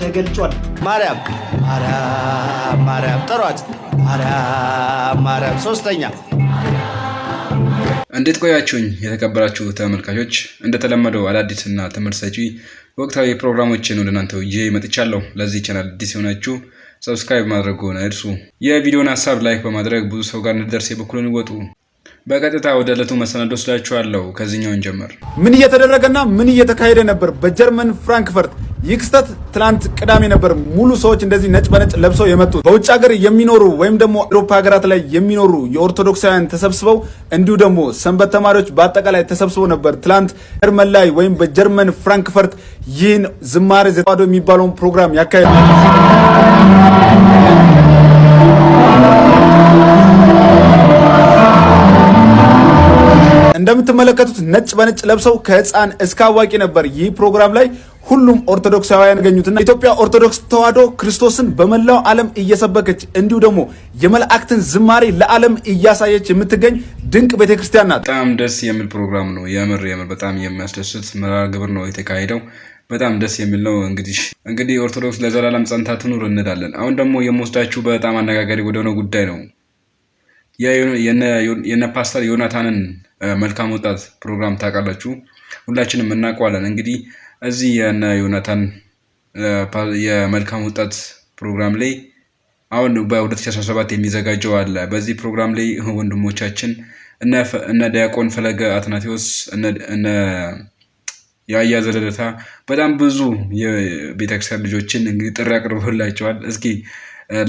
ተገልጿል። ማርያም ማርያም ማርያም ጥሯት ማርያም ማርያም ሶስተኛ እንዴት ቆያችሁኝ? የተከበራችሁ ተመልካቾች እንደተለመደው አዳዲስና ትምህርት ሰጪ ወቅታዊ ፕሮግራሞችን ወደ እናንተ ይዤ መጥቻለሁ። ለዚህ ቻናል አዲስ የሆናችሁ ሰብስክራይብ ማድረጉን አይርሱ። የቪዲዮን ሀሳብ ላይክ በማድረግ ብዙ ሰው ጋር እንድደርስ የበኩሉን ይወጡ። በቀጥታ ወደ ዕለቱ መሰናዶ ስላችኋለሁ። ከዚህኛውን ጀመር ምን እየተደረገና ምን እየተካሄደ ነበር በጀርመን ፍራንክፈርት ይህ ክስተት ትናንት ቅዳሜ ነበር። ሙሉ ሰዎች እንደዚህ ነጭ በነጭ ለብሰው የመጡት በውጭ ሀገር የሚኖሩ ወይም ደግሞ አውሮፓ ሀገራት ላይ የሚኖሩ የኦርቶዶክሳውያን ተሰብስበው እንዲሁ ደግሞ ሰንበት ተማሪዎች በአጠቃላይ ተሰብስበው ነበር ትናንት ጀርመን ላይ ወይም በጀርመን ፍራንክፈርት ይህን ዝማሬ ዘዋህዶ የሚባለውን ፕሮግራም ያካሄዱ እንደምትመለከቱት ነጭ በነጭ ለብሰው ከህፃን እስከ አዋቂ ነበር ይህ ፕሮግራም ላይ ሁሉም ኦርቶዶክሳውያን ገኙትና ኢትዮጵያ ኦርቶዶክስ ተዋሕዶ ክርስቶስን በመላው ዓለም እየሰበከች እንዲሁ ደግሞ የመላእክትን ዝማሬ ለዓለም እያሳየች የምትገኝ ድንቅ ቤተክርስቲያን ናት። በጣም ደስ የሚል ፕሮግራም ነው። የምር የምር በጣም የሚያስደስት መርሃ ግብር ነው የተካሄደው። በጣም ደስ የሚል ነው። እንግዲህ እንግዲህ ኦርቶዶክስ ለዘላለም ጸንታ ትኑር እንዳለን። አሁን ደግሞ የምወስዳችሁ በጣም አነጋጋሪ ወደሆነ ጉዳይ ነው። የነ ፓስተር ዮናታንን መልካም ወጣት ፕሮግራም ታውቃላችሁ፣ ሁላችንም እናውቀዋለን። እንግዲህ እዚህ የነ ዮናታን የመልካም ወጣት ፕሮግራም ላይ አሁን በ2017 የሚዘጋጀው አለ። በዚህ ፕሮግራም ላይ ወንድሞቻችን እነ ዲያቆን ፈለገ አትናቴዎስ እነ የአያ ዘለለታ በጣም ብዙ የቤተክርስቲያን ልጆችን እንግዲህ ጥሪ አቅርበውላቸዋል። እስኪ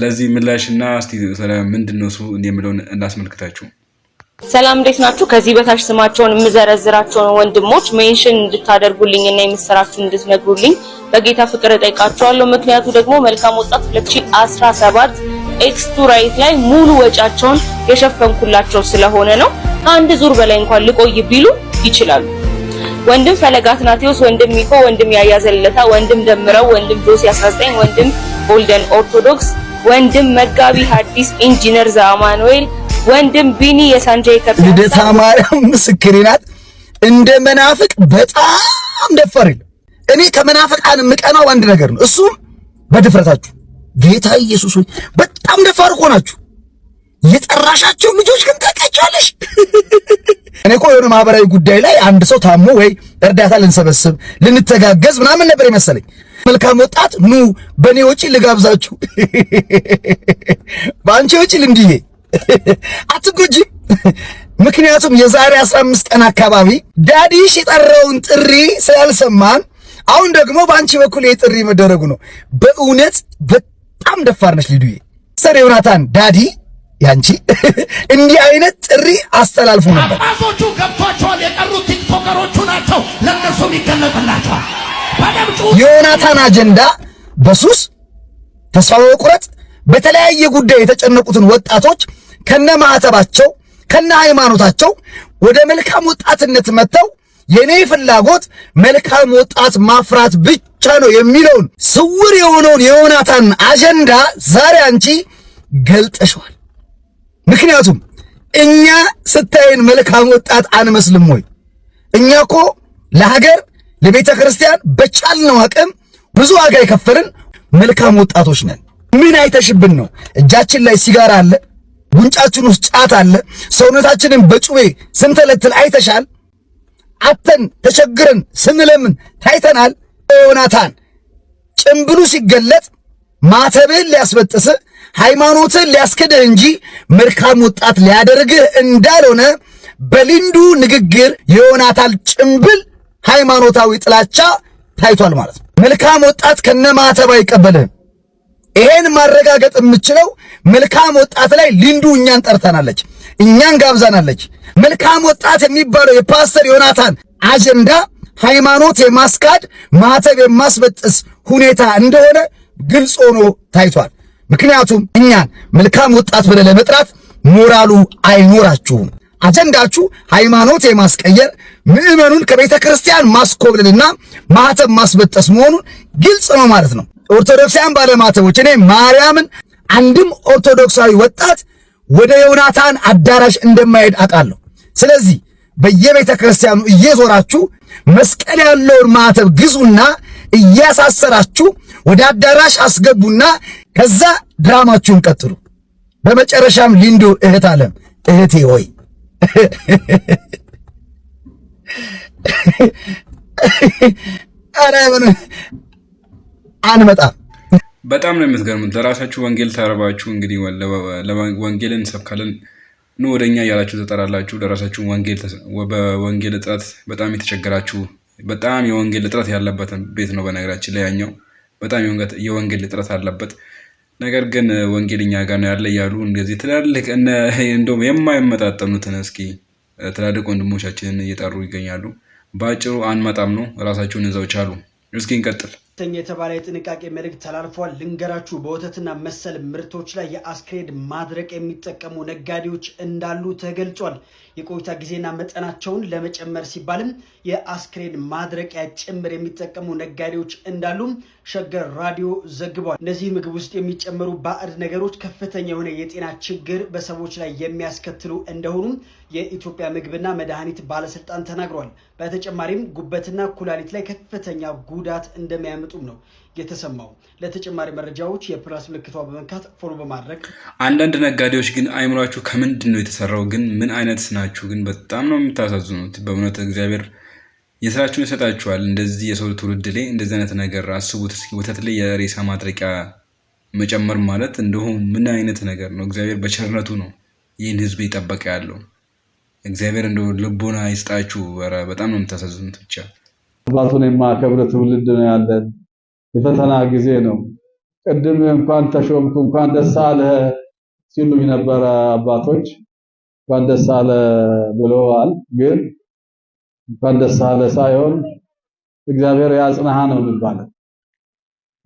ለዚህ ምላሽ እና እስኪ ስለምንድን ነው እሱ የሚለውን እናስመልክታችሁ። ሰላም እንዴት ናችሁ? ከዚህ በታች ስማቸውን የምዘረዝራቸውን ወንድሞች ሜንሽን እንድታደርጉልኝ እና የምስራችሁን እንድትነግሩልኝ በጌታ ፍቅር እጠይቃችኋለሁ። ምክንያቱ ደግሞ መልካም ወጣት 2017 ኤክስቱ ራይት ላይ ሙሉ ወጫቸውን የሸፈንኩላቸው ስለሆነ ነው። ከአንድ ዙር በላይ እንኳን ልቆይ ቢሉ ይችላሉ። ወንድም ፈለጋት ናቴዎስ፣ ወንድም ሚኮ፣ ወንድም ያያዘለታ፣ ወንድም ደምረው፣ ወንድም ጆሲ 19፣ ወንድም ጎልደን ኦርቶዶክስ፣ ወንድም መጋቢ ሐዲስ ኢንጂነር ዘአማኑኤል ወንድም ቢኒ የሳንጃዬ ከበደ ልደታ ማርያም ምስክሬ ናት። እንደ መናፍቅ በጣም ደፋር እኔ ከመናፍቃን የምቀናው አንድ ነገር ነው። እሱም በድፍረታችሁ ጌታ ኢየሱስ ሆይ በጣም ደፋር እኮ ናችሁ። የጠራሻቸው ልጆች ግን ታውቂያቸዋለሽ። እኔ እኮ የሆነ ማህበራዊ ጉዳይ ላይ አንድ ሰው ታሞ ወይ እርዳታ ልንሰበስብ ልንተጋገዝ ምናምን ነበር የመሰለኝ። መልካም ወጣት ኑ በእኔ ወጪ ልጋብዛችሁ፣ በአንቺ ወጪ ልንድዬ አትጎጂ። ምክንያቱም የዛሬ 15 ቀን አካባቢ ዳዲሽ የጠራውን ጥሪ ስላልሰማን አሁን ደግሞ በአንቺ በኩል ጥሪ መደረጉ ነው። በእውነት በጣም ደፋር ነች ልዱዬ። ሰር ዮናታን ዳዲ ያንቺ እንዲህ አይነት ጥሪ አስተላልፎ ነበር። አባሶቹ ገብቷቸዋል። የቀሩት ቲክቶከሮቹ ናቸው። ለእነሱም ይገለጥላቸዋል። የዮናታን አጀንዳ በሱስ ተስፋ በመቁረጥ በተለያየ ጉዳይ የተጨነቁትን ወጣቶች ከነ ማዕተባቸው ከነ ሃይማኖታቸው ወደ መልካም ወጣትነት መጥተው የኔ ፍላጎት መልካም ወጣት ማፍራት ብቻ ነው የሚለውን ስውር የሆነውን የዮናታን አጀንዳ ዛሬ አንቺ ገልጠሸዋል። ምክንያቱም እኛ ስታይን መልካም ወጣት አንመስልም ወይ? እኛ እኮ ለሀገር ለቤተ ክርስቲያን በቻልነው አቅም ብዙ ዋጋ የከፈልን መልካም ወጣቶች ነን። ምን አይተሽብን ነው? እጃችን ላይ ሲጋራ አለ ጉንጫችን ውስጥ ጫት አለ። ሰውነታችንን በጩቤ ስንተለትል አይተሻል። አተን ተቸግረን ስንለምን ታይተናል። ዮናታን ጭምብሉ ሲገለጥ ማተብህን ሊያስበጥስ ሃይማኖትን ሊያስክድህ እንጂ መልካም ወጣት ሊያደርግህ እንዳልሆነ በሊንዱ ንግግር የዮናታን ጭምብል ሃይማኖታዊ ጥላቻ ታይቷል ማለት ነው። መልካም ወጣት ከነማተብ አይቀበልህም። ይሄን ማረጋገጥ የምችለው መልካም ወጣት ላይ ሊንዱ እኛን ጠርተናለች፣ እኛን ጋብዛናለች። መልካም ወጣት የሚባለው የፓስተር ዮናታን አጀንዳ ሃይማኖት የማስካድ ማተብ የማስበጥስ ሁኔታ እንደሆነ ግልጽ ሆኖ ታይቷል። ምክንያቱም እኛን መልካም ወጣት ብለ ለመጥራት ሞራሉ አይኖራችሁም። አጀንዳችሁ ሃይማኖት የማስቀየር ምዕመኑን ከቤተ ክርስቲያን ማተብ ማስበጠስ መሆኑን ግልጽ ነው ማለት ነው። ኦርቶዶክሳውያን ባለማተቦች እኔ ማርያምን አንድም ኦርቶዶክሳዊ ወጣት ወደ ዮናታን አዳራሽ እንደማይሄድ አውቃለሁ። ስለዚህ በየቤተ ክርስቲያኑ እየዞራችሁ መስቀል ያለውን ማተብ ግዙና እያሳሰራችሁ ወደ አዳራሽ አስገቡና ከዛ ድራማችሁን ቀጥሉ። በመጨረሻም ሊንዱ እህት አለም እህቴ ሆይ አረ አንመጣም። በጣም ነው የምትገርሙት። ለራሳችሁ ወንጌል ተርባችሁ እንግዲህ ወንጌልን እንሰብካለን ኑ ወደ እኛ እያላችሁ ተጠራላችሁ። ለራሳችሁ በወንጌል እጥረት በጣም የተቸገራችሁ በጣም የወንጌል እጥረት ያለበትን ቤት ነው። በነገራችን ላይ ያኛው በጣም የወንጌል እጥረት አለበት። ነገር ግን ወንጌል እኛ ጋር ነው ያለ እያሉ እንደዚህ ትላልቅ እንደውም የማይመጣጠኑትን እስኪ ትላልቅ ወንድሞቻችንን እየጠሩ ይገኛሉ። በአጭሩ አንመጣም ነው። ራሳችሁን እዛው ቻሉ። እስኪ እንቀጥል። ተኛ የተባለ የጥንቃቄ መልእክት ተላልፏል። ልንገራችሁ በወተትና መሰል ምርቶች ላይ የአስክሬድ ማድረቅ የሚጠቀሙ ነጋዴዎች እንዳሉ ተገልጿል። የቆይታ ጊዜና መጠናቸውን ለመጨመር ሲባልም የአስክሬድ ማድረቂያ ጭምር የሚጠቀሙ ነጋዴዎች እንዳሉም ሸገር ራዲዮ ዘግቧል። እነዚህ ምግብ ውስጥ የሚጨመሩ ባዕድ ነገሮች ከፍተኛ የሆነ የጤና ችግር በሰዎች ላይ የሚያስከትሉ እንደሆኑ የኢትዮጵያ ምግብና መድኃኒት ባለስልጣን ተናግሯል። በተጨማሪም ጉበትና ኩላሊት ላይ ከፍተኛ ጉዳት እንደሚያመ እንደሚያመጡም ነው የተሰማው። ለተጨማሪ መረጃዎች የፕላስ ምልክቷ በመንካት ፎሎ በማድረግ አንዳንድ ነጋዴዎች ግን አይምሯችሁ ከምንድን ነው የተሰራው? ግን ምን አይነት ናችሁ? ግን በጣም ነው የምታሳዝኑት በእውነት እግዚአብሔር የስራችሁን ይሰጣችኋል። እንደዚህ የሰው ትውልድ ላይ እንደዚህ አይነት ነገር አስቡት እስኪ። ወተት ላይ የሬሳ ማድረቂያ መጨመር ማለት እንደሁም ምን አይነት ነገር ነው? እግዚአብሔር በቸርነቱ ነው ይህን ህዝብ እየጠበቀ ያለው። እግዚአብሔር እንደ ልቦና ይስጣችሁ። በጣም ነው የምታሳዝኑት ብቻ አባቱን የማከብር ትውልድ ነው ያለን። የፈተና ጊዜ ነው። ቅድም እንኳን ተሾምኩ እንኳን ደስ አለ ሲሉኝ ነበረ አባቶች። እንኳን ደስ አለ ብለዋል፣ ግን እንኳን ደስ አለ ሳይሆን እግዚአብሔር ያጽናሃ ነው የሚባለው።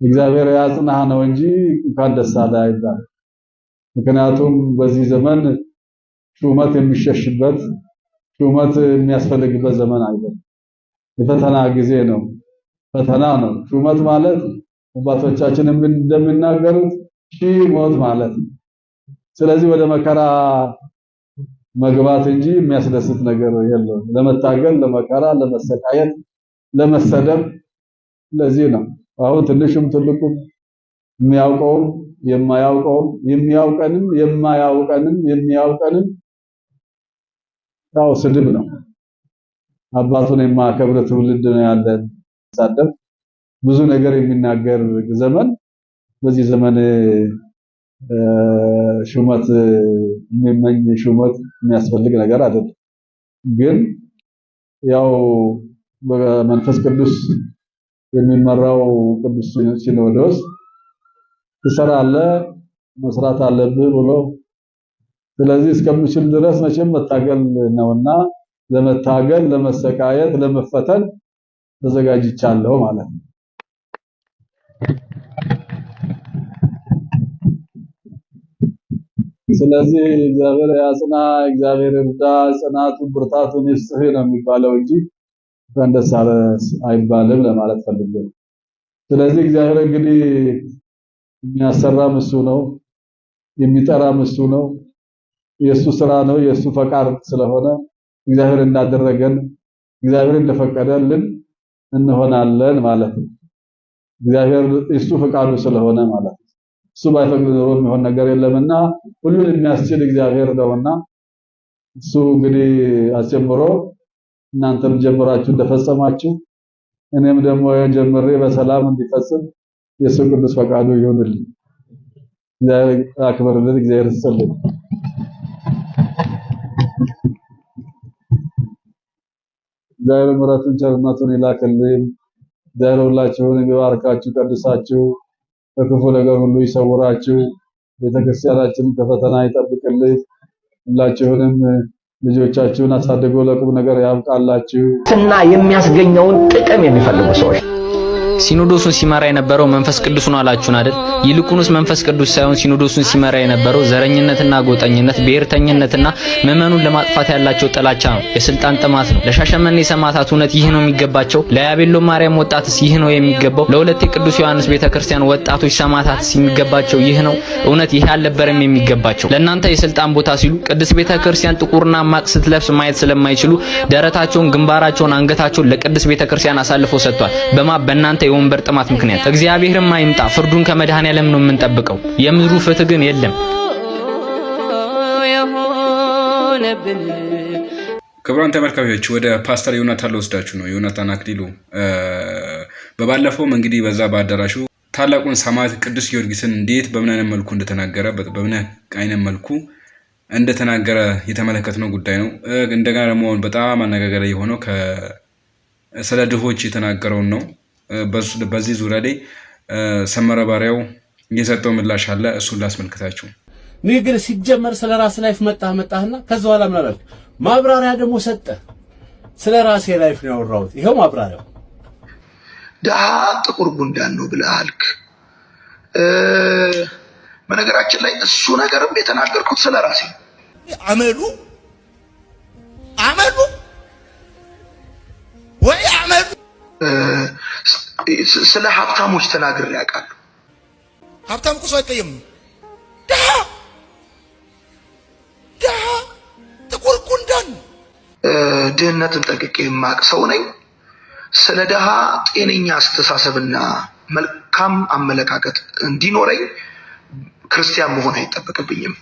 እግዚአብሔር ያጽናሃ ነው እንጂ እንኳን ደስ አለ አይባልም። ምክንያቱም በዚህ ዘመን ሹመት የሚሸሽበት ሹመት የሚያስፈልግበት ዘመን አይደለም። የፈተና ጊዜ ነው። ፈተና ነው። ሹመት ማለት አባቶቻችን እንደሚናገሩት ሺህ ሞት ማለት ነው። ስለዚህ ወደ መከራ መግባት እንጂ የሚያስደስት ነገር የለውም። ለመታገል፣ ለመከራ፣ ለመሰቃየት፣ ለመሰደብ ለዚህ ነው አሁን ትንሹም ትልቁም የሚያውቀውም የማያውቀውም የሚያውቀንም የማያውቀንም የሚያውቀንም ያው ስድብ ነው። አባቱን የማከብረ ትውልድ ነው ያለን። ሳደብ ብዙ ነገር የሚናገር ዘመን በዚህ ዘመን ሹመት የሚመኝ ሹመት የሚያስፈልግ ነገር አይደለም። ግን ያው በመንፈስ ቅዱስ የሚመራው ቅዱስ ሲኖዶስ ትሰራለህ፣ መስራት አለብህ ብሎ ስለዚህ እስከምችል ድረስ መቼም መታገል ነውና ለመታገል፣ ለመሰቃየት፣ ለመፈተን ተዘጋጅቻለሁ ማለት ነው። ስለዚህ እግዚአብሔር ያጽና፣ እግዚአብሔር እርዳ፣ ጽናቱ ብርታቱን ይስጥህ ነው የሚባለው እንጂ እንኳን አይባልም ለማለት ፈልጌ ስለዚህ እግዚአብሔር እንግዲህ የሚያሰራ እሱ ነው፣ የሚጠራ እሱ ነው። የእሱ ስራ ነው፣ የእሱ ፈቃድ ስለሆነ እግዚአብሔር እንዳደረገን እግዚአብሔር እንደፈቀደልን እንሆናለን ማለት ነው። እግዚአብሔር እሱ ፈቃዱ ስለሆነ ማለት ነው። እሱ ባይፈቅድ ኖሮ የሚሆን ነገር የለምና ሁሉን የሚያስችል እግዚአብሔር ነውና እሱ እንግዲህ አስጀምሮ እናንተም ጀምራችሁ እንደፈጸማችሁ እኔም ደግሞ ጀምሬ በሰላም እንዲፈጽም የእሱ ቅዱስ ፈቃዱ ይሁንልኝ። እግዚአብሔር አክብርልን። እግዚአብሔር ይስጥልን። እግዚአብሔር ምሕረቱን ቸርነቱን ይላክልን። እግዚአብሔር ሁላችሁን ይባርካችሁ፣ ቀድሳችሁ፣ ከክፉ ነገር ሁሉ ይሰውራችሁ፣ ቤተክርስቲያናችንን ከፈተና ይጠብቅልን። ሁላችሁንም ልጆቻችሁን አሳድጎ ለቁም ነገር ያብቃላችሁ ትና የሚያስገኘውን ጥቅም የሚፈልጉ ሰዎች ሲኖዶሱን ሲመራ የነበረው መንፈስ ቅዱስ ነው አላችሁን አይደል? ይልቁንስ መንፈስ ቅዱስ ሳይሆን ሲኖዶሱን ሲመራ የነበረው ዘረኝነትና ጎጠኝነት፣ ብሔርተኝነትና ምዕመኑን ለማጥፋት ያላቸው ጥላቻ ነው። የስልጣን ጥማት ነው። ለሻሸመኔ ሰማዕታት እውነት ይህ ነው የሚገባቸው? ለያቤሎ ማርያም ወጣትስ ይህ ነው የሚገባው? ለሁለት የቅዱስ ዮሐንስ ቤተክርስቲያን ወጣቶች ሰማዕታትስ የሚገባቸው ይህ ነው? እውነት ይህ አልነበረም የሚገባቸው። ለእናንተ የስልጣን ቦታ ሲሉ ቅድስት ቤተክርስቲያን ጥቁርና ማቅ ስትለብስ ማየት ስለማይችሉ ደረታቸውን፣ ግንባራቸውን፣ አንገታቸውን ለቅድስት ቤተክርስቲያን አሳልፎ ሰጥቷል። በማ በእናንተ የወንበር ጥማት ምክንያት እግዚአብሔርም አይምጣ ፍርዱን ከመድኃኔ መድኃኒዓለም ነው የምንጠብቀው። የምድሩ ፍትህ ግን የለም። ክቡራን ተመልካቾች ወደ ፓስተር ዮናታን ልወስዳችሁ ነው። ዮናታን አክሊሉ በባለፈውም እንግዲህ በዛ በአዳራሹ ታላቁን ሰማዕት ቅዱስ ጊዮርጊስን እንዴት በምን አይነት መልኩ እንደተናገረ በምን አይነት መልኩ እንደተናገረ የተመለከትነው ጉዳይ ነው። እንደገና ደግሞ በጣም አነጋገር የሆነው ስለ ድሆች የተናገረውን ነው። በዚህ ዙሪያ ላይ ሰመረ ባሪያው የሰጠው ምላሽ አለ። እሱን ላስመልክታችሁ። ግን ሲጀመር ስለ ራስ ላይፍ መጣህ መጣህና ከዚ በኋላ ምን አላልክ? ማብራሪያ ደግሞ ሰጠ። ስለ ራሴ ላይፍ ነው ያወራሁት። ይኸው ማብራሪያው ድሃ ጥቁር ጉንዳን ነው ብለህ አልክ። በነገራችን ላይ እሱ ነገርም የተናገርኩት ስለ ራሴ አመሉ አመሉ ወይ አመሉ ስለ ሀብታሞች ተናግሬ ያውቃሉ። ሀብታም ቁሶ ሰው አይቀየምም። ድሀ ጥቁር ጉንዳን ድህነትን ጠቅቄ የማቅ ሰው ነኝ። ስለ ድሃ ጤነኛ አስተሳሰብና መልካም አመለካከት እንዲኖረኝ ክርስቲያን መሆን አይጠበቅብኝም።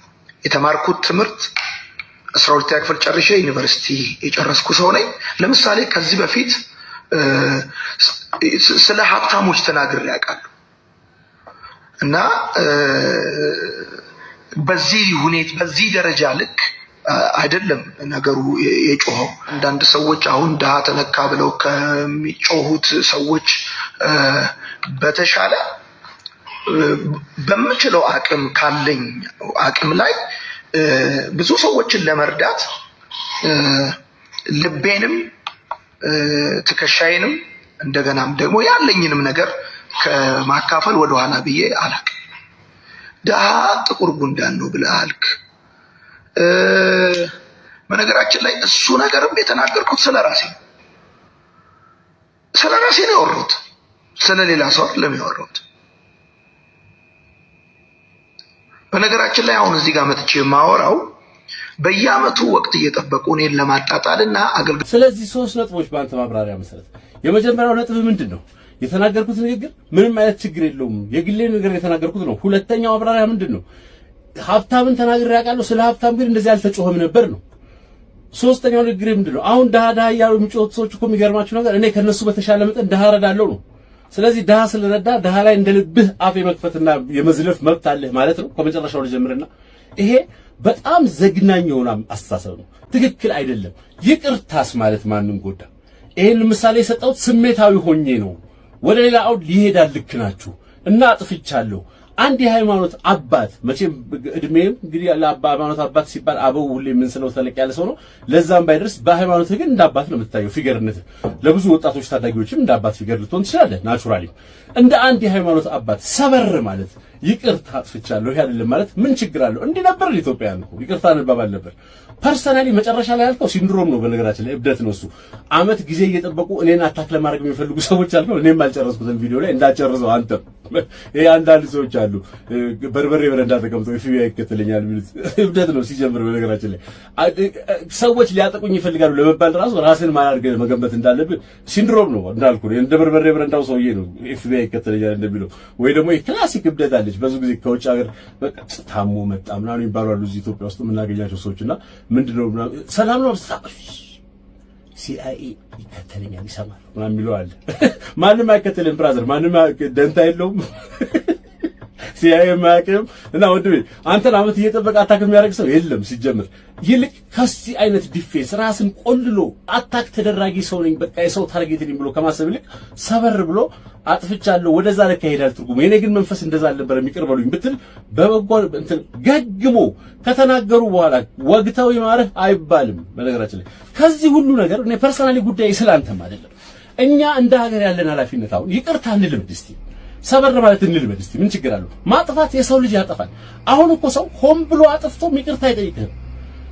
የተማርኩት ትምህርት አስራ ሁለተኛ ክፍል ጨርሼ ዩኒቨርሲቲ የጨረስኩ ሰው ነኝ። ለምሳሌ ከዚህ በፊት ስለ ሀብታሞች ተናግሬ ያውቃሉ። እና በዚህ ሁኔታ በዚህ ደረጃ ልክ አይደለም ነገሩ የጮኸው። አንዳንድ ሰዎች አሁን ድሃ ተነካ ብለው ከሚጮሁት ሰዎች በተሻለ በምችለው አቅም ካለኝ አቅም ላይ ብዙ ሰዎችን ለመርዳት ልቤንም ትከሻዬንም እንደገናም ደግሞ ያለኝንም ነገር ከማካፈል ወደኋላ ብዬ አላቅ። ድሃ ጥቁር ጉንዳን ነው ብለህ አልክ። በነገራችን ላይ እሱ ነገርም የተናገርኩት ስለ ራሴ ነው። ስለ ራሴ ነው ያወራሁት፣ ስለ ሌላ ሰው አይደለም ያወራሁት። በነገራችን ላይ አሁን እዚህ ጋር መጥቼ የማወራው በየአመቱ ወቅት እየጠበቁ እኔን ለማጣጣል እና አገልግሎት። ስለዚህ ሶስት ነጥቦች በአንተ ማብራሪያ መሰረት የመጀመሪያው ነጥብ ምንድን ነው? የተናገርኩት ንግግር ምንም አይነት ችግር የለውም። የግሌ ነገር የተናገርኩት ነው። ሁለተኛው አብራሪያ ምንድን ነው? ሀብታምን ተናግሬ ያውቃለሁ። ስለ ሀብታም ግን እንደዚህ አልተጮኸም ነበር ነው። ሶስተኛው ንግግር ምንድን ነው? አሁን ድሃ ድሃ እያሉ የሚጮሁት ሰዎች እኮ የሚገርማችሁ ነገር እኔ ከነሱ በተሻለ መጠን ድሃ እረዳለሁ ነው። ስለዚህ ድሃ ስለረዳ ድሃ ላይ እንደ ልብህ አፍ የመክፈትና የመዝለፍ መብት አለህ ማለት ነው። ከመጨረሻው ልጀምርና ይሄ በጣም ዘግናኝ የሆነ አስተሳሰብ ነው። ትክክል አይደለም። ይቅርታስ ማለት ማንን ጎዳ? ይህን ምሳሌ የሰጠሁት ስሜታዊ ሆኜ ነው። ወደ ሌላ አውድ ይሄዳል። ልክ ናችሁ እና አጥፍቻለሁ። አንድ የሃይማኖት አባት መቼም እድሜም እንግዲህ ለሃይማኖት አባት ሲባል አበው ሁሌ የምንስለው ተለቅ ያለ ሰው ነው። ለዛም ባይደርስ በሃይማኖት ግን እንደ አባት ነው የምታየው። ፊገርነት ለብዙ ወጣቶች ታዳጊዎችም እንደ አባት ፊገር ልትሆን ትችላለህ። ናቹራሊ እንደ አንድ የሃይማኖት አባት ሰበር ማለት ይቅርታ አጥፍቻለሁ ይሄ አይደለም ማለት ምን ችግር አለው? እንዲህ ነበር። ኢትዮጵያ ነው ይቅርታ እንባባል ነበር። ፐርሰናሊ መጨረሻ ላይ ያልከው ሲንድሮም ነው። በነገራችን ላይ እብደት ነው እሱ። አመት ጊዜ እየጠበቁ እኔን አታክ ለማድረግ የሚፈልጉ ሰዎች አልከው። እኔም አልጨረስኩትም ቪዲዮ ላይ እንዳጨርሰው አንተ ይሄ አንዳንድ ሰዎች አሉ በርበሬ በረንዳ ተቀምጠው ኤፍቢአይ ይከተለኛል የሚሉት እብደት ነው ሲጀምር። በነገራችን ላይ ሰዎች ሊያጠቁኝ ይፈልጋሉ ለመባል ራሱ ራስን ማላድርገህ መገንበት እንዳለብህ ሲንድሮም ነው እንዳልኩ እንደ በርበሬ በረንዳው ሰውዬ ነው ኤፍቢአይ ይከተለኛል እንደሚለው። ወይ ደግሞ የክላሲክ እብደት አለች። ብዙ ጊዜ ከውጭ ሀገር በቃ ታሞ መጣ ምናምን ይባላሉ። እዚህ ኢትዮጵያ ውስጥ የምናገኛቸው ሰዎችና ምንድነው ሰላም ነው ሲአይኤ ይከተለኛል ይሰማል ምናምን የሚለው አለ። ማንም አይከተልም ብራዘር፣ ማንም ደንታ የለውም። ሲያይ ማቅም እና ወንድሜ አንተን አመት እየጠበቀ አታክ የሚያደርግ ሰው የለም። ሲጀምር ይልቅ ከዚህ አይነት ዲፌንስ ራስን ቆልሎ አታክ ተደራጊ ሰው ነኝ በቃ የሰው ታርጌት ነኝ ብሎ ከማሰብ ይልቅ ሰበር ብሎ አጥፍቻለሁ ወደዛ ለካ ይሄዳል ትርጉሙ። የኔ ግን መንፈስ እንደዛ አልነበረ የሚቀርበሉኝ ብትል በበጎ እንትን ገግሞ ከተናገሩ በኋላ ወግተው ይማርህ አይባልም። በነገራችን ላይ ከዚህ ሁሉ ነገር እኔ ፐርሰናሊ ጉዳይ ስለአንተም አይደለም። እኛ እንደ ሀገር ያለን ኃላፊነት አሁን ይቅርታ እንልም እስቲ ሰበር ማለት እንልበል እስቲ ምን ችግር አለው? ማጥፋት የሰው ልጅ ያጠፋል። አሁን እኮ ሰው ሆን ብሎ አጥፍቶ ይቅርታ አይጠይቅህም።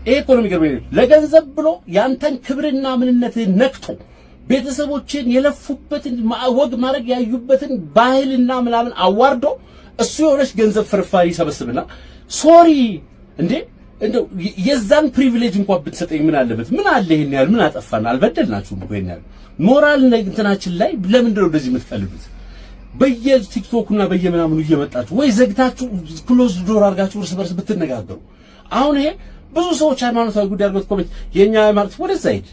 ይሄ እኮ ነው የሚገርመኝ። ለገንዘብ ብሎ ያንተን ክብርና ምንነትህን ነክቶ ቤተሰቦችን የለፉበትን ወግ ማድረግ ያዩበትን ባህልና ምናምን አዋርዶ እሱ የሆነች ገንዘብ ፍርፋሪ ይሰበስብና ሶሪ እንዴ እንደው የዛን ፕሪቪሌጅ እንኳን ብትሰጠኝ ምን አለበት? ምን አለ? ይሄን ያህል ምን አጠፋን? አልበደልናችሁም እኮ ይሄን ያህል ሞራል እንትናችን ላይ ለምንድን ነው እንደዚህ የምትቀልዱት? በየቲክቶክና በየምናምኑ እየመጣችሁ ወይ ዘግታችሁ ክሎዝ ዶር አድርጋችሁ እርስ በርስ ብትነጋገሩ። አሁን ይሄ ብዙ ሰዎች ሃይማኖታዊ ጉዳይ አድርገው ኮሜንት የኛ ሃይማኖት ወደዛ ሂድ፣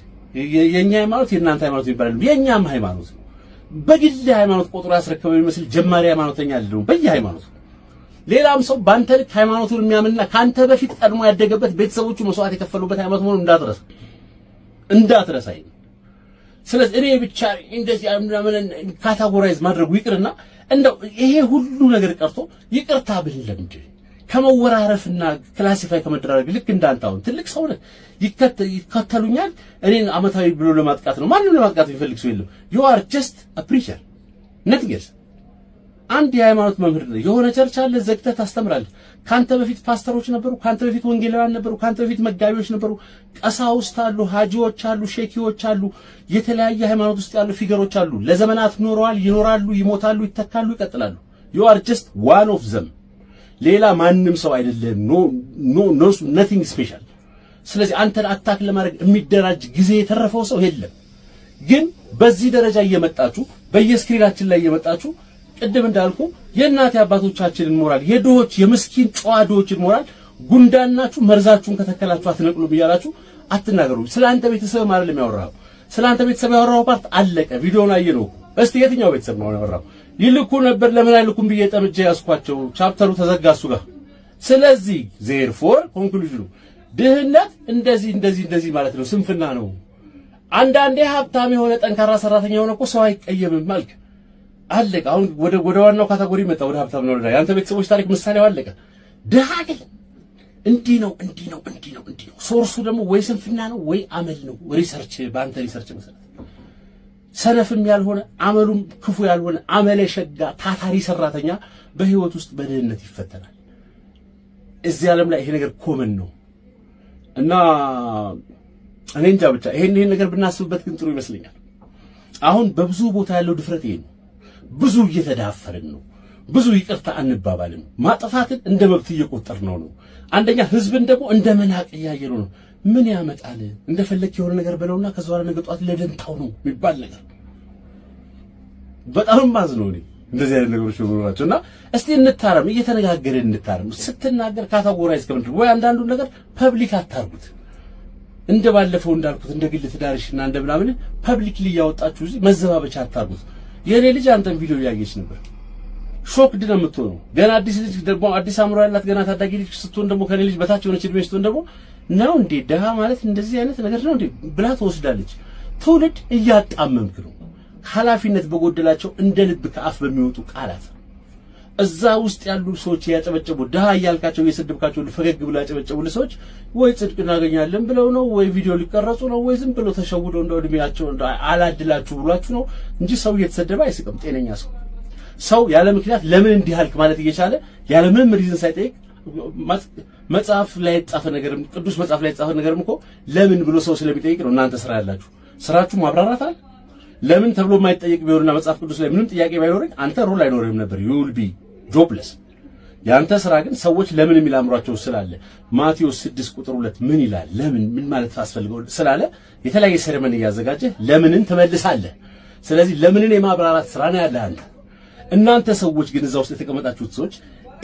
የኛ ሃይማኖት የእናንተ ሃይማኖት ይባላል። የኛም ሃይማኖት ነው። በግል ሃይማኖት ቆጥሮ ያስረከበ የሚመስል ጀማሪ ሃይማኖተኛ አይደለም። በየሃይማኖት ሌላም ሰው ባንተ ልክ ሃይማኖቱን የሚያምንና ካንተ በፊት ቀድሞ ያደገበት ቤተሰቦቹ መስዋዕት የከፈሉበት ሃይማኖት መሆኑን እንዳትረሳ እንዳትረሳይ ስለዚህ እኔ ብቻ እንደዚህ ካታጎራይዝ ማድረጉ ይቅርና እንደው ይሄ ሁሉ ነገር ቀርቶ ይቅርታ ብንለምድ ከመወራረፍና ክላሲፋይ ከመደራረግ ልክ እንዳንተ አሁን ትልቅ ሰው ነህ፣ ይከተሉኛል እኔን አመታዊ ብሎ ለማጥቃት ነው። ማንም ለማጥቃት የሚፈልግ ሰው የለም። ዩ አር ጀስት አ ፕሪቸር ነቲንግ ኤልስ አንድ የሃይማኖት መምህር ነው። የሆነ ቸርች አለ፣ ዘግተህ ታስተምራለህ። ካንተ በፊት ፓስተሮች ነበሩ፣ ካንተ በፊት ወንጌላውያን ነበሩ፣ ካንተ በፊት መጋቢዎች ነበሩ፣ ቀሳውስት አሉ፣ ሀጂዎች አሉ፣ ሼኪዎች አሉ፣ የተለያየ ሃይማኖት ውስጥ ያሉ ፊገሮች አሉ። ለዘመናት ኖረዋል፣ ይኖራሉ፣ ይሞታሉ፣ ይተካሉ፣ ይቀጥላሉ። ዩ አር ጀስት ዋን ኦፍ ዘም። ሌላ ማንም ሰው አይደለም። ኖ ኖ ኖ ነቲንግ ስፔሻል። ስለዚህ አንተን አታክ ለማድረግ የሚደራጅ ጊዜ የተረፈው ሰው የለም። ግን በዚህ ደረጃ እየመጣችሁ በየስክሪናችን ላይ እየመጣችሁ ቅድም እንዳልኩ የእናት አባቶቻችንን ሞራል የድሆች የምስኪን ጨዋ ድሆችን ሞራል ጉንዳናችሁ መርዛችሁን ከተከላችሁ አትነቅሉ ብያላችሁ አትናገሩ። ስለ አንተ ቤተሰብ አይደለም ያወራው። ስለ አንተ ቤተሰብ ያወራው ፓርት አለቀ። ቪዲዮውን አየነው። እስቲ የትኛው ቤተሰብ ነው ያወራው? ይልኩ ነበር ለምን አይልኩም ብዬ ጠምጄ ያስኳቸው። ቻፕተሩ ተዘጋ እሱ ጋር። ስለዚህ ዜርፎር ኮንክሉዥኑ ድህነት እንደዚህ እንደዚህ እንደዚህ ማለት ነው፣ ስንፍና ነው። አንዳንዴ ሀብታም የሆነ ጠንካራ ሰራተኛ የሆነ እኮ ሰው አይቀየምም አልክ። አለቀ። አሁን ወደ ወደ ዋናው ካታጎሪ መጣ። ወደ ሀብታም ነው። ያንተ ቤተሰቦች ታሪክ ምሳሌው አለቀ። ድሃ አይደለም። እንዲህ ነው እንዲህ ነው እንዲህ ነው እንዲህ ነው። ሶርሱ ደግሞ ወይ ስንፍና ነው ወይ አመል ነው። ሪሰርች፣ በአንተ ሪሰርች መሰረት ሰነፍም ያልሆነ አመሉም ክፉ ያልሆነ አመለ ሸጋ ታታሪ ሰራተኛ በህይወት ውስጥ በድህነት ይፈተናል። እዚህ ዓለም ላይ ይሄ ነገር ኮመን ነው እና እኔ እንጃ ብቻ ይሄን ይሄን ነገር ብናስብበት ግን ጥሩ ይመስለኛል። አሁን በብዙ ቦታ ያለው ድፍረት ይሄ ነው። ብዙ እየተዳፈርን ነው። ብዙ ይቅርታ አንባባልም። ማጥፋትን እንደ መብት እየቆጠር ነው ነው አንደኛ ህዝብን ደግሞ እንደ መናቅ እያየነው ነው። ምን ያመጣል? እንደፈለግ የሆነ ነገር በለውና ከዛ በኋላ ነገ ጠዋት ለደንታው ነው የሚባል ነገር በጣም ማዝ ነው። እኔ እንደዚህ አይነት ነገሮች ናቸው እና እስቲ እንታረም፣ እየተነጋገረ እንታረም። ስትናገር ካታጎራይዝ ከምትል ወይ አንዳንዱን ነገር ፐብሊክ አታርጉት። እንደ ባለፈው እንዳልኩት እንደ ግል ትዳርሽና እንደ ምናምን ፐብሊክ ሊያወጣችሁ እዚህ መዘባበቻ አታርጉት። የኔ ልጅ አንተን ቪዲዮ እያየች ነበር። ሾክ ነው የምትሆነው። ገና አዲስ ልጅ ደግሞ አዲስ አእምሮ ያላት ገና ታዳጊ ልጅ ስትሆን ደግሞ ከኔ ልጅ በታች የሆነች እድሜ ስትሆን ደግሞ ነው እንዴ ደሃ ማለት እንደዚህ አይነት ነገር ነው እንዴ ብላ ትወስዳለች። ትውልድ እያጣመምክ ነው። ኃላፊነት በጎደላቸው እንደ ልብ ከአፍ በሚወጡ ቃላት እዛ ውስጥ ያሉ ሰዎች ያጨበጨቡ ድሃ እያልካቸው እየሰደብካቸው ፈገግ ብሎ ያጨበጨቡን ሰዎች ወይ ጽድቅ እናገኛለን ብለው ነው ወይ ቪዲዮ ሊቀረጹ ነው ወይ ዝም ብለው ተሸውዶ እንደ እድሜያቸው አላድላችሁ ብሏችሁ ነው እንጂ ሰው እየተሰደበ አይስቅም። ጤነኛ ሰው ሰው ያለ ምክንያት ለምን እንዲህ አልክ ማለት እየቻለ ያለ ምንም ሪዝን ሳይጠይቅ መጽሐፍ ላይ የተጻፈ ነገርም ቅዱስ መጽሐፍ ላይ የተጻፈ ነገርም እኮ ለምን ብሎ ሰው ስለሚጠይቅ ነው። እናንተ ስራ ያላችሁ ስራችሁ ማብራራታል። ለምን ተብሎ የማይጠየቅ ቢሆንና መጽሐፍ ቅዱስ ላይ ምንም ጥያቄ ባይኖረኝ አንተ ሮል አይኖርህም ነበር ዩል ቢ ጆብለስ። ያንተ ስራ ግን ሰዎች ለምን የሚል አእምሯቸው ስላለ ማቴዎስ 6 ቁጥር 2 ምን ይላል? ለምን ምን ማለት አስፈልገው ስላለ የተለያየ ሰርመን እያዘጋጀ ለምንን ትመልሳለህ። ስለዚህ ለምንን የማብራራት ስራ ነው ያለህ አንተ። እናንተ ሰዎች ግን እዛ ውስጥ የተቀመጣችሁት ሰዎች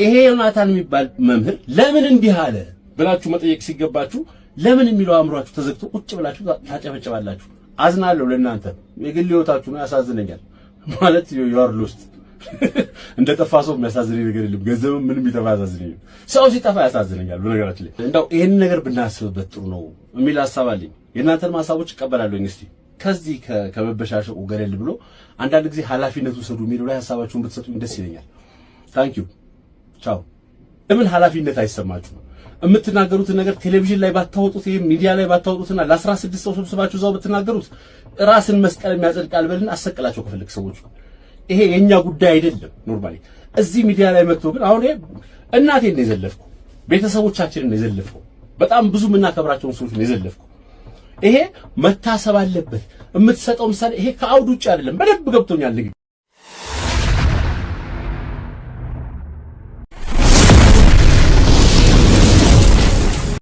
ይሄ ዮናታን የሚባል መምህር ለምን እንዲህ አለ ብላችሁ መጠየቅ ሲገባችሁ ለምን የሚለው አእምሯችሁ ተዘግቶ ቁጭ ብላችሁ ታጨበጭባላችሁ። አዝናለሁ ለእናንተ የግል ህይወታችሁ ነው፣ ያሳዝነኛል ማለት አር ሎስት እንደጠፋ ሰው የሚያሳዝነኝ ነገር የለም። ገንዘብም ምንም ቢጠፋ ያሳዝነኝ፣ ሰው ሲጠፋ ያሳዝነኛል። በነገራችን ላይ እንደው ይህን ነገር ብናስብበት ጥሩ ነው የሚል ሀሳብ አለኝ። የእናንተን ሀሳቦች ይቀበላሉ እስቲ ከዚህ ከመበሻሸቁ ገለል ብሎ አንዳንድ ጊዜ ኃላፊነት ውሰዱ የሚለው ላይ ሀሳባችሁን ብትሰጡኝ ደስ ይለኛል። ታንኪዩ ቻው። ለምን ኃላፊነት አይሰማችሁም የምትናገሩትን ነገር ቴሌቪዥን ላይ ባታወጡት ይሄ ሚዲያ ላይ ባታወጡትና ለአስራ ስድስት ሰው ሰብስባችሁ እዛው ብትናገሩት ራስን መስቀል የሚያጸድቅ አልበልና አሰቅላቸው ከፈለግ ሰዎች ይሄ የእኛ ጉዳይ አይደለም። ኖርማሊ እዚህ ሚዲያ ላይ መጥቶ ግን አሁን እናቴን ነው የዘለፍኩ፣ ቤተሰቦቻችንን ነው የዘለፍኩ፣ በጣም ብዙ የምናከብራቸውን ሰዎች ነው የዘለፍኩ። ይሄ መታሰብ አለበት። የምትሰጠው ምሳሌ ይሄ ከአውድ ውጭ አይደለም። በደንብ ገብቶኛል።